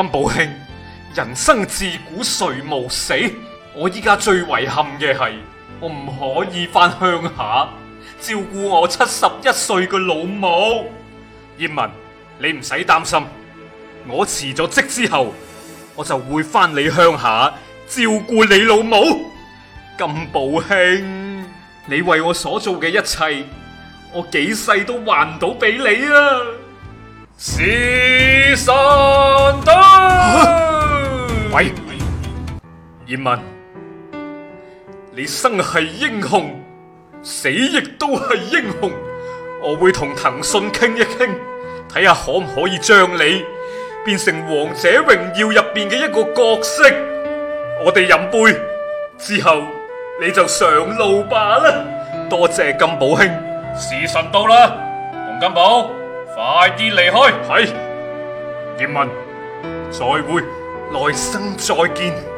金寶興，人生自古誰無死？我依家最遺憾嘅係，我唔可以翻鄉下照顧我七十一歲嘅老母。艷文，你唔使擔心，我辭咗職之後，我就會翻你鄉下照顧你老母。金寶興，你為我所做嘅一切，我幾世都還唔到俾你啊。師信。葉問，你生係英雄，死亦都係英雄。我會同騰訊傾一傾，睇下可唔可以將你變成《王者榮耀》入邊嘅一個角色。我哋飲杯，之後你就上路吧啦。多謝金寶兄，時辰到啦，洪金寶，快啲離開。係，葉問，再會，來生再見。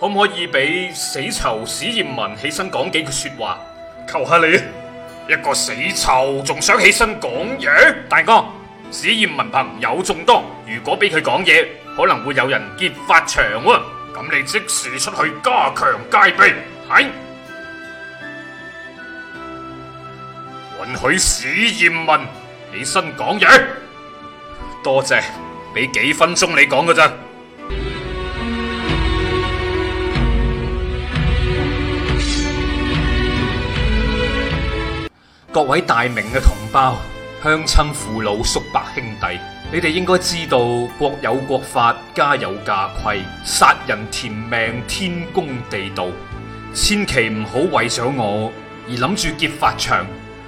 可唔可以俾死囚史艷文起身講幾句說話？求下你，一個死囚仲想起身講嘢，大哥，史艷文朋友眾多，如果俾佢講嘢，可能會有人劫法場啊。咁你即時出去加強戒備，係允許史艷文起身講嘢。多謝，俾幾分鐘你講噶咋？各位大明嘅同胞、鄉親父老、叔伯兄弟，你哋應該知道國有國法，家有家規，殺人填命，天公地道，千祈唔好為咗我而諗住劫法場。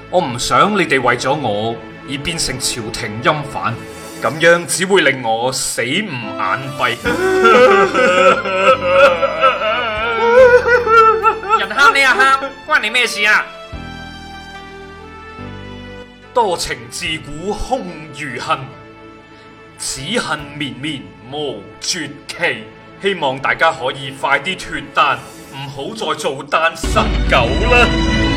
我唔想你哋為咗我而變成朝廷欽犯，咁樣只會令我死唔眼閉。人蝦你又蝦，關你咩事啊？多情自古空餘恨，此恨綿綿無絕期。希望大家可以快啲脫單，唔好再做單身狗啦！